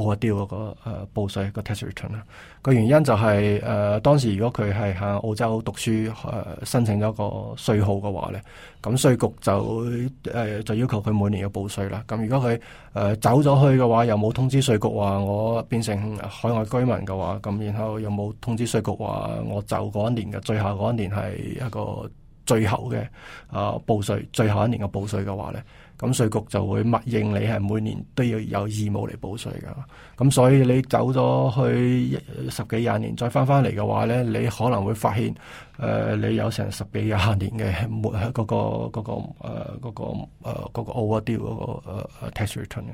惡掉嗰個誒、呃、報稅個 tax return 啦。個原因就係、是、誒、呃、當時如果佢係喺澳洲讀書誒、呃、申請咗個稅號嘅話咧，咁稅局就誒、呃、就要求佢每年要報稅啦。咁如果佢誒、呃、走咗去嘅話，又冇通知稅局話我變成海外居民嘅話，咁然後又冇通知稅局話我走嗰一年嘅最後嗰一年係一個。最後嘅啊、呃、報稅，最後一年嘅報稅嘅話咧，咁稅局就會默認你係每年都要有義務嚟報稅嘅。咁所以你走咗去十幾廿年，再翻翻嚟嘅話咧，你可能會發現誒、呃，你有成十幾廿年嘅冇一個、嗰個嗰、嗰個誒嗰、呃嗰個誒、呃嗰個 overdue、嗰個誒誒、呃、tax return 嘅。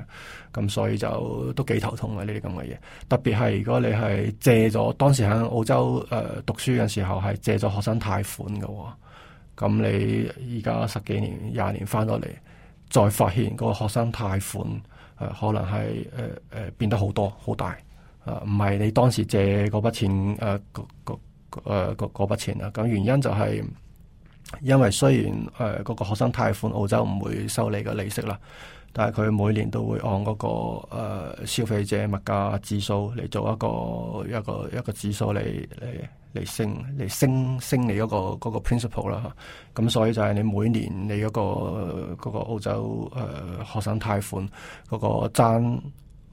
咁所以就都幾頭痛嘅呢啲咁嘅嘢。特別係如果你係借咗當時喺澳洲誒、呃、讀書嘅時候係借咗學生貸款嘅。咁你而家十幾年廿年翻落嚟，再發現個學生貸款誒、呃，可能係誒誒變得好多好大啊！唔、呃、係你當時借嗰筆錢誒個個嗰筆錢啊！咁原因就係因為雖然誒嗰、呃嗰個學生貸款澳洲唔會收你嘅利息啦，但係佢每年都會按嗰、嗰個、呃、消費者物價指數嚟做一個一個一個指數嚟嚟，嚟升，嚟升升你一、那個嗰、那個 principal 啦，咁所以就係你每年你一、那個嗰、那個澳洲誒、呃、學生貸款嗰、那個爭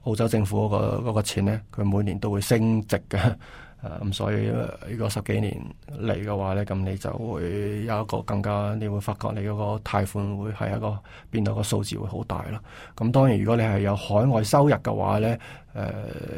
澳洲政府嗰、那個嗰、那個錢咧，佢每年都會升值嘅。誒咁、啊、所以呢個十幾年嚟嘅話咧，咁你就會有一個更加，你會發覺你嗰個貸款會係一個變到個數字會好大咯。咁、啊、當然如果你係有海外收入嘅話咧，誒、啊、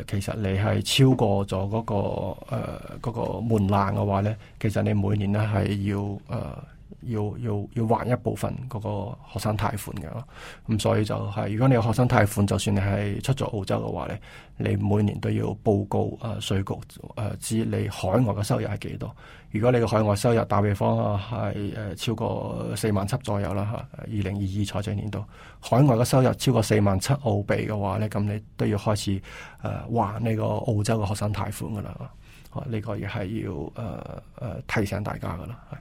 其實你係超過咗嗰、那個誒嗰、啊那個門檻嘅話咧，其實你每年咧係要誒，啊要要要還一部分嗰個學生貸款嘅咯，咁、嗯、所以就係、是、如果你有學生貸款，就算你係出咗澳洲嘅話咧，你每年都要報告誒稅、呃、局誒、呃、知你海外嘅收入係幾多。如果你嘅海外收入打比方係誒超過四萬七左右啦嚇，二零二二財政年度海外嘅收入超過四萬七澳幣嘅話咧，咁你都要開始誒、呃、還呢個澳洲嘅學生貸款噶啦，呢、啊這個亦係要誒誒、呃呃、提醒大家噶啦係。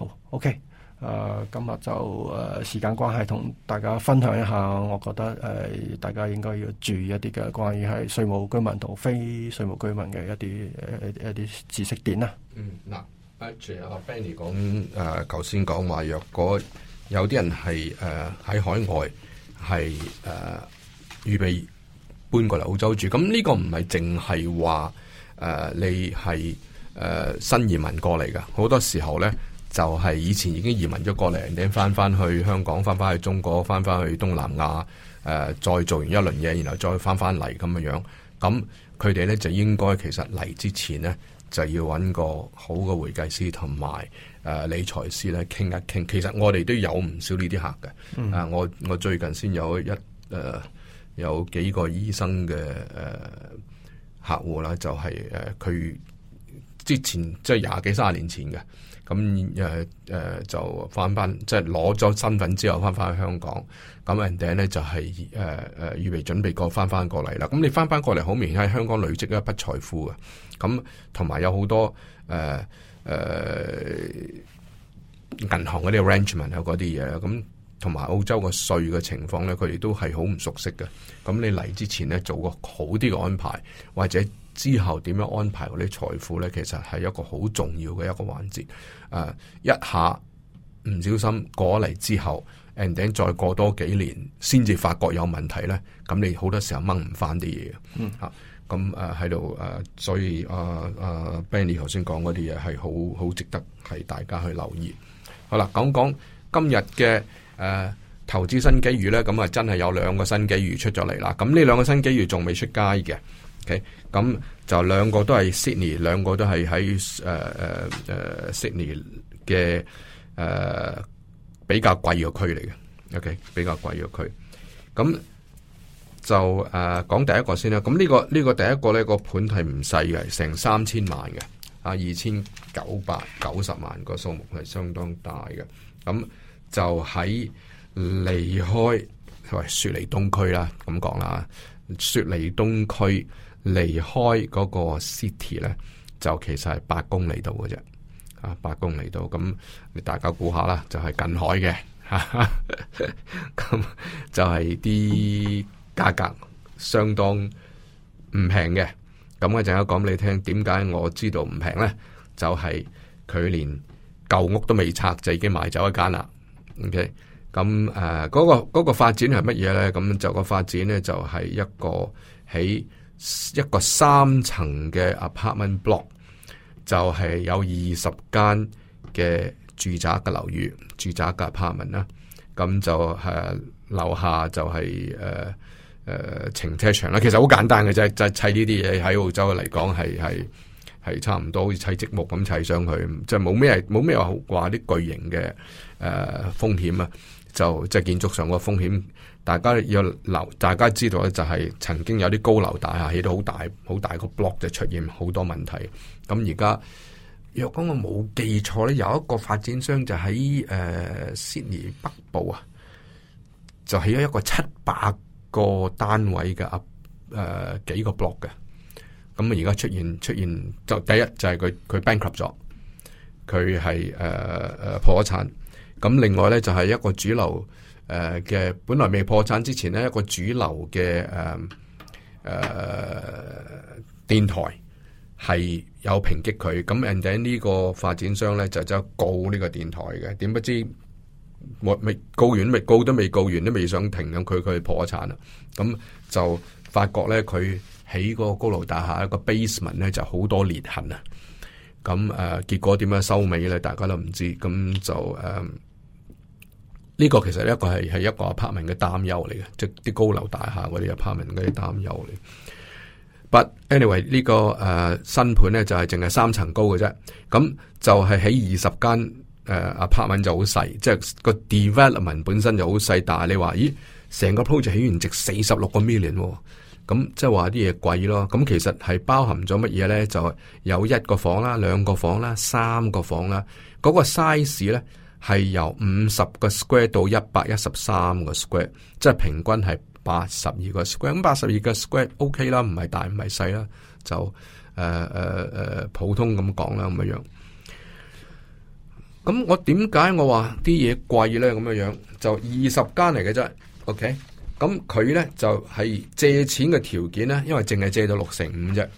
好，OK，啊、呃，今日就誒、呃、時間關係，同大家分享一下，我覺得誒、呃、大家應該要注意一啲嘅，關於係稅務居民同非稅務居民嘅一啲、呃、一一啲知識點啦。嗯，嗱，阿 Benny 講誒，頭先講話，若果有啲人係誒喺海外係誒預備搬過嚟澳洲住，咁呢個唔係淨係話誒你係誒、呃、新移民過嚟噶，好多時候咧。就係以前已經移民咗過嚟，拎翻翻去香港，翻翻去中國，翻翻去東南亞，誒、呃，再做完一輪嘢，然後再翻翻嚟咁樣樣。咁佢哋咧就應該其實嚟之前咧就要搵個好嘅會計師同埋誒理財師咧傾一傾。其實我哋都有唔少呢啲客嘅、嗯、啊。我我最近先有一誒、呃、有幾個醫生嘅誒、呃、客戶啦，就係誒佢之前即係廿幾三十年前嘅。咁誒誒就返返，即係攞咗身份之後返返香港，咁人哋咧就係誒誒預備準備過返返過嚟啦。咁、嗯、你返返過嚟，好明顯喺香港累積一筆財富嘅。咁同埋有好多誒誒、呃呃、銀行嗰啲 arrangement、嗯、有嗰啲嘢，咁同埋澳洲個稅嘅情況咧，佢哋都係好唔熟悉嘅。咁、嗯、你嚟之前咧，做個好啲嘅安排，或者。之後點樣安排嗰啲財富咧？其實係一個好重要嘅一個環節。誒、呃，一下唔小心過嚟之後 and then，再過多幾年先至發覺有問題咧。咁你好多時候掹唔返啲嘢。嗯，吓咁誒喺度誒，所以誒誒、啊啊、Benny 頭先講嗰啲嘢係好好值得係大家去留意。好啦，講講今日嘅誒投資新機遇咧，咁啊真係有兩個新機遇出咗嚟啦。咁呢兩個新機遇仲未出街嘅。O K，咁就兩個都係 Sydney，兩個都係喺誒誒誒 Sydney 嘅誒比較貴嘅區嚟嘅。O K，比較貴嘅區。咁就誒講第一個先啦。咁呢個呢個第一個咧，個盤係唔細嘅，成三千萬嘅，啊二千九百九十萬，個數目係相當大嘅。咁就喺離開喂，雪梨東區啦，咁講啦，雪梨東區。離開嗰個 city 咧，就其實係八公里度嘅啫，啊，八公里度。咁你大家估下啦，就係近海嘅，咁 就係啲價格相當唔平嘅。咁我陣間講俾你聽，點解我知道唔平咧？就係佢連舊屋都未拆，就已經賣走一間啦。OK，咁誒，嗰個嗰個發展係乜嘢咧？咁就個發展咧就係一個喺。一個三層嘅 apartment block 就係有二十間嘅住宅嘅樓宇，住宅嘅 apartment 啦，咁就誒樓下就係誒誒停車場啦，其實好簡單嘅啫，即係、砌呢啲嘢喺澳洲嚟講係係係差唔多，好似砌積木咁砌上去，即係冇咩冇咩話好掛啲巨型嘅誒、呃、風險啊！就即係建築上個風險，大家要留，大家知道咧，就係曾經有啲高樓大廈起到好大好大個 block 就出現好多問題。咁而家若果我冇記錯咧，有一個發展商就喺誒悉尼北部啊，就起咗一個七百個單位嘅啊誒幾個 block 嘅。咁啊而家出現出現就第一就係佢佢 bankrupt 咗，佢係誒誒破咗產。咁另外咧就係、是、一個主流誒嘅、呃，本來未破產之前咧一個主流嘅誒誒電台係有抨擊佢。咁人哋呢個發展商咧就就是、告呢個電台嘅，點不知未告完未告都未告完都未想停咁，佢佢破產啦，咁就發覺咧佢起嗰個高樓大廈一個 basement 咧就好、是、多裂痕啊，咁誒、呃、結果點樣收尾咧，大家都唔知，咁就誒。呃呢個其實一個係係一個 apartment 嘅擔憂嚟嘅，即係啲高樓大廈我哋 apartment 嗰啲擔憂嚟。But anyway 呢、這個誒、uh, 新盤咧就係淨係三層高嘅啫，咁就係喺二十間誒 apartment 就好細，即係個 development 本身就好細。但係你話咦，成個 project 起完值四十六個 million，咁、哦嗯、即係話啲嘢貴咯。咁、嗯、其實係包含咗乜嘢咧？就有一個房啦，兩個房啦，三個房啦，嗰、那個 size 咧。係由五十個 square 到一百一十三個 square，即係平均係八十二個 square。咁八十二個 square OK 啦，唔係大唔係細啦，就誒誒誒普通咁講啦，咁樣樣。咁我點解我話啲嘢貴咧？咁樣樣就二十間嚟嘅啫。OK，咁佢咧就係借錢嘅條件咧，因為淨係借到六成五啫。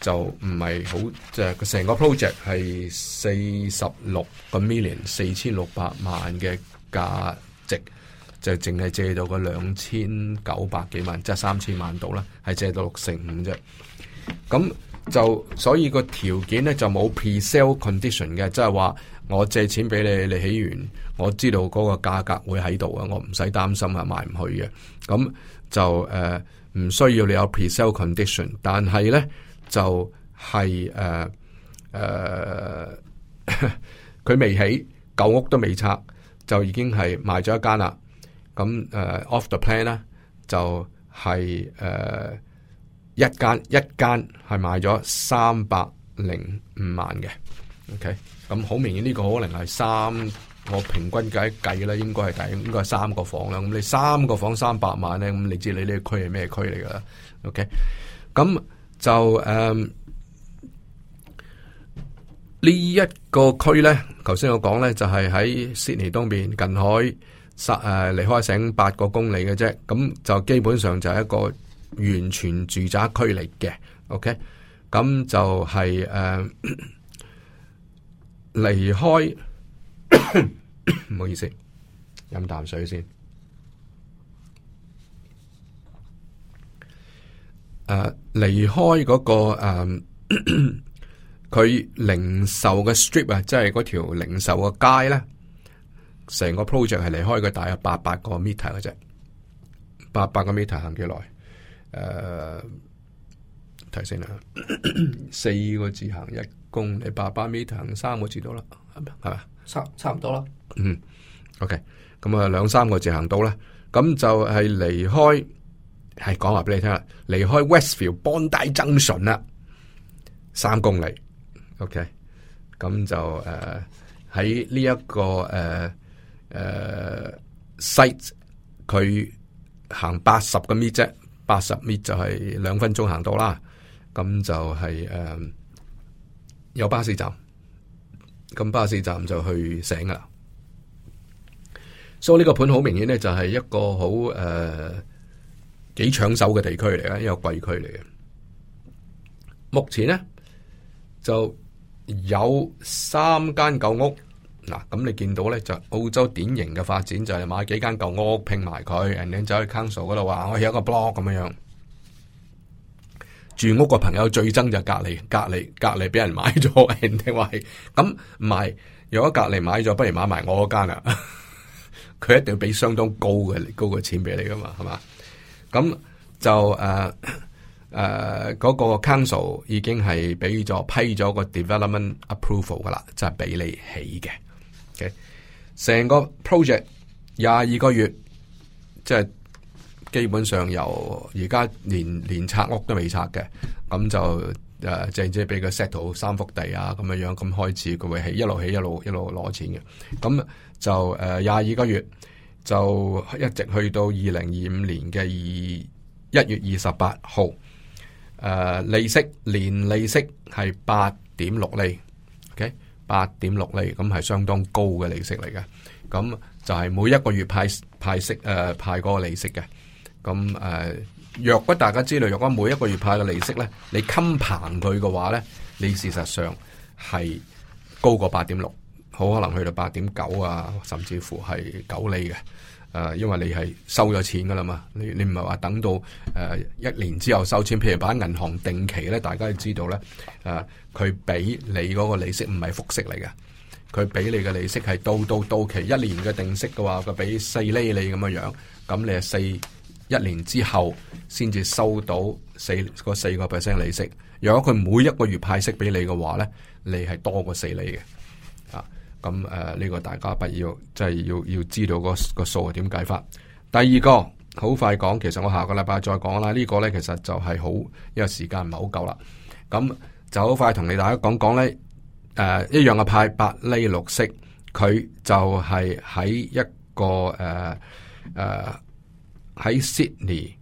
就唔係好，即係成個 project 係四十六個 million，四千六百萬嘅價值，就淨係借到個兩千九百幾萬，即係三千萬到啦，係借到六成五啫。咁就所以個條件咧就冇 pre-sale condition 嘅，即係話我借錢俾你，你起完我知道嗰個價格會喺度啊，我唔使擔心係賣唔去嘅。咁就誒唔需要你有 pre-sale condition，但係咧。就係誒誒，佢未起，舊屋都未拆，就已經係賣咗一間啦。咁誒、uh,，off the plan 咧、就是，就係誒一間一間係賣咗三百零五萬嘅。OK，咁好明顯呢個可能係三，我平均計計咧，應該係大應該係三個房啦。咁你三個房三百萬咧，咁你知你呢個區係咩區嚟㗎啦？OK，咁。就誒，呢、um, 一個區咧，頭先我講咧，就係喺悉尼東邊近海，十誒、啊、離開醒八個公里嘅啫。咁、嗯、就基本上就係一個完全住宅區嚟嘅。OK，咁、嗯、就係、是、誒，離、uh, 開，唔 好意思，飲啖水先。誒，離、啊、開嗰、那個誒，佢、啊、零售嘅 strip 啊，即係嗰條零售嘅街咧，成個 project 係離開個大約八百個 meter 嘅啫，八百個 meter 行幾耐？誒、啊，提醒你，咳咳四個字行一公里，你八百 meter 行三個字到啦，係咪？吧差差唔多啦，嗯，OK，咁啊兩三個字行到啦，咁就係離開。係講話俾你聽啦，離開 Westfield Bondi Junction 啦，三公里，OK，咁就誒喺呢一個誒誒、uh, uh, site，佢行八十個米啫，八十米就係兩分鐘行到啦，咁就係、是、誒、uh, 有巴士站，咁巴士站就去醒噶啦，所以呢個盤好明顯咧，就係一個好誒。Uh, 幾搶手嘅地區嚟嘅，一個貴區嚟嘅。目前咧就有三間舊屋嗱，咁你見到咧就是、澳洲典型嘅發展就係買幾間舊屋拼埋佢，人哋走去 Council 嗰度話我有一個 block 咁樣樣住屋嘅朋友最憎就係隔離隔離隔離俾人買咗，人哋話係咁唔係如果隔離買咗，不如買埋我嗰間啦。佢 一定要俾相當高嘅高嘅錢俾你噶嘛，係嘛？咁、嗯、就誒誒嗰個 council 已經係俾咗批咗個 development approval 噶啦，就係、是、俾你起嘅。OK，成個 project 廿二個月，即、就、係、是、基本上由而家連連拆屋都未拆嘅，咁就誒淨係俾佢 set 圖三幅地啊咁樣樣，咁開始佢會起一路起一路一路攞錢嘅。咁就誒廿二個月。就一直去到二零二五年嘅二一月二十八號，誒、呃，利息年利息係八點六厘，ok，八點六厘，咁、okay? 係、嗯、相當高嘅利息嚟嘅。咁、嗯、就係、是、每一個月派派息誒、呃、派嗰個利息嘅。咁、嗯、誒、呃，若果大家知道，若果每一個月派嘅利息咧，你襟憑佢嘅話咧，你事實上係高過八點六。好可能去到八點九啊，甚至乎係九厘嘅。誒、呃，因為你係收咗錢㗎喇嘛，你你唔係話等到誒、呃、一年之後收錢。譬如擺喺銀行定期咧，大家都知道咧，誒、呃，佢俾你嗰個利息唔係複息嚟嘅，佢俾你嘅利息係到到到期一年嘅定息嘅話，佢俾四厘你咁嘅樣。咁你係四一年之後先至收到四個四個 percent 利息。如果佢每一個月派息俾你嘅話咧，你係多過四厘嘅。咁誒，呢、嗯，這個大家不要，即、就、係、是、要要知道、那個、那個數係點計法。第二個好快講，其實我下個禮拜再講啦。這個、呢個咧其實就係好，因為時間唔係好夠啦。咁、嗯、就好快同你大家講講咧，誒、呃，一樣嘅派八呢綠色，佢就係喺一個誒誒喺 Sydney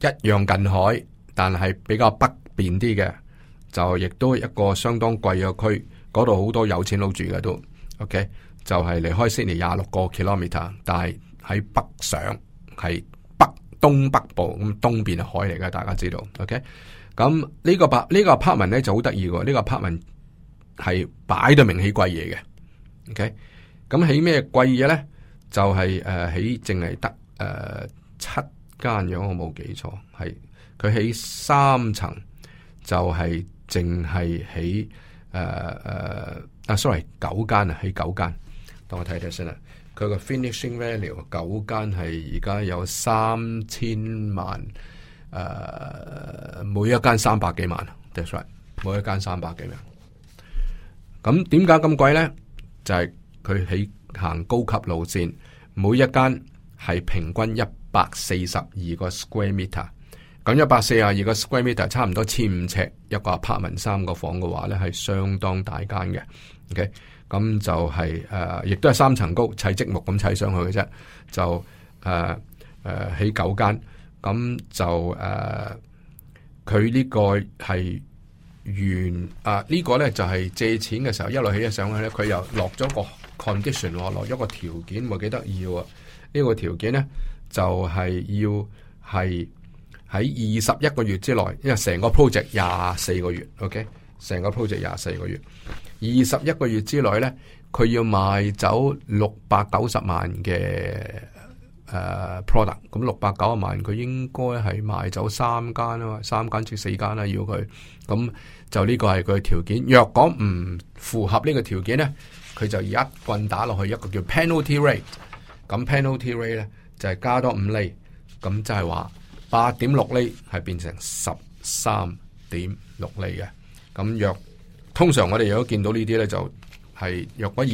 一樣近海，但係比較北邊啲嘅，就亦都一個相當貴嘅區。嗰度好多有錢佬住嘅都，OK，就係離開悉尼廿六個 kilometer，但係喺北上，係北東北部咁東邊係海嚟嘅，大家知道，OK、這個。咁、這個這個 okay？呢個柏呢個柏文咧就好得意喎，呢個柏文係擺到明起貴嘢嘅，OK。咁起咩貴嘢咧？就係誒起淨係得誒、呃、七間房，我冇記錯，係佢起三層，就係淨係起。誒誒，啊、uh,，sorry，九間啊，喺九間，當我睇睇先啦。佢個 finishing value 九間係而家有三千萬，誒、uh,，每一間三百幾萬，That's right，每一間三百幾萬。咁點解咁貴咧？就係佢喺行高級路線，每一間係平均一百四十二個 square meter。咁一百四十二個 square meter 差唔多千五尺，一個 apartment 三個房嘅話咧，係相當大間嘅。OK，咁就係、是、誒、呃，亦都係三層高砌積木咁砌上去嘅啫。就誒誒、呃啊、起九間，咁就誒佢、呃啊這個、呢個係原啊呢個咧就係、是、借錢嘅時候一路起咗上去咧，佢又落咗個 condition 落落一個條件，咪幾得意喎？呢、這個條件咧就係、是、要係。喺二十一個月之內，因為成個 project 廿四個月，OK，成個 project 廿四個月。二十一個月之內咧，佢要賣走六百九十萬嘅誒、uh, product，咁六百九十萬佢應該係賣走三間啊嘛，三間至四間啦，如果佢咁就呢個係佢嘅條件。若果唔符合個條呢個條件咧，佢就一棍打落去一個叫 penalty rate，咁、嗯、penalty rate 咧就係、是、加多五厘，咁即係話。就是八點六厘係變成十三點六厘嘅，咁若通常我哋如果見到呢啲咧，就係若果而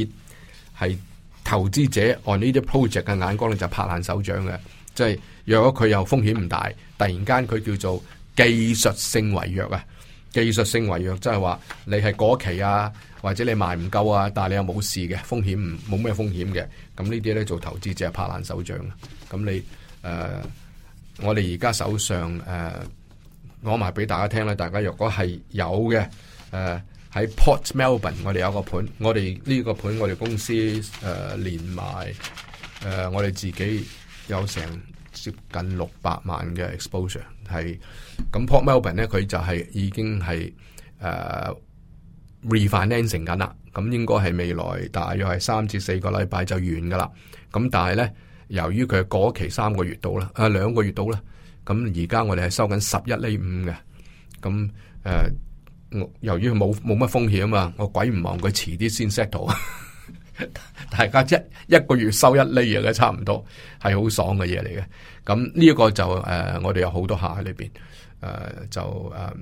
係投資者按呢啲 project 嘅眼光咧，就拍爛手掌嘅。即係若果佢又風險唔大，突然間佢叫做技術性違約啊，技術性違約，即係話你係過期啊，或者你賣唔夠啊，但係你又冇事嘅，風險唔冇咩風險嘅。咁呢啲咧做投資者係拍爛手掌啦。咁你誒。呃我哋而家手上誒攞埋俾大家聽啦。大家若果係有嘅誒喺、啊、Port Melbourne，我哋有個盤，我哋呢個盤我哋公司誒、啊、連埋誒、啊、我哋自己有成接近六百萬嘅 exposure 係咁 Port Melbourne 咧，佢就係已經係誒 refinancing 緊啦，咁、啊啊、應該係未來大約係三至四個禮拜就完噶啦，咁、啊、但係咧。由於佢過期三個月到啦，啊兩個月到啦，咁而家我哋係收緊十一厘五嘅，咁、嗯、誒、呃，我由於冇冇乜風險啊嘛，我鬼唔望佢遲啲先 set 到， 大家一一個月收一厘啊，都差唔多，係好爽嘅嘢嚟嘅，咁呢一個就誒、呃，我哋有好多客喺裏邊，誒、呃、就誒。呃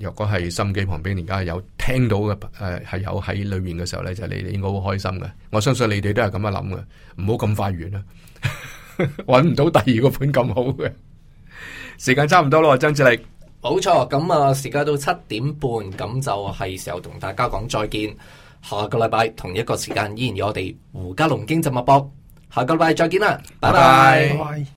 若果係心機旁邊而家有聽到嘅，誒，係、呃、有喺裏面嘅時候咧，就係、你哋應該好開心嘅。我相信你哋都係咁樣諗嘅，唔好咁快完啦，揾 唔到第二個盤咁好嘅。時間差唔多啦，張志力，冇錯。咁啊，時間到七點半，咁就係時候同大家講再見。下個禮拜同一個時間依然有我哋胡嘉龍經濟脈搏。下個禮拜再見啦，拜拜。拜拜拜拜。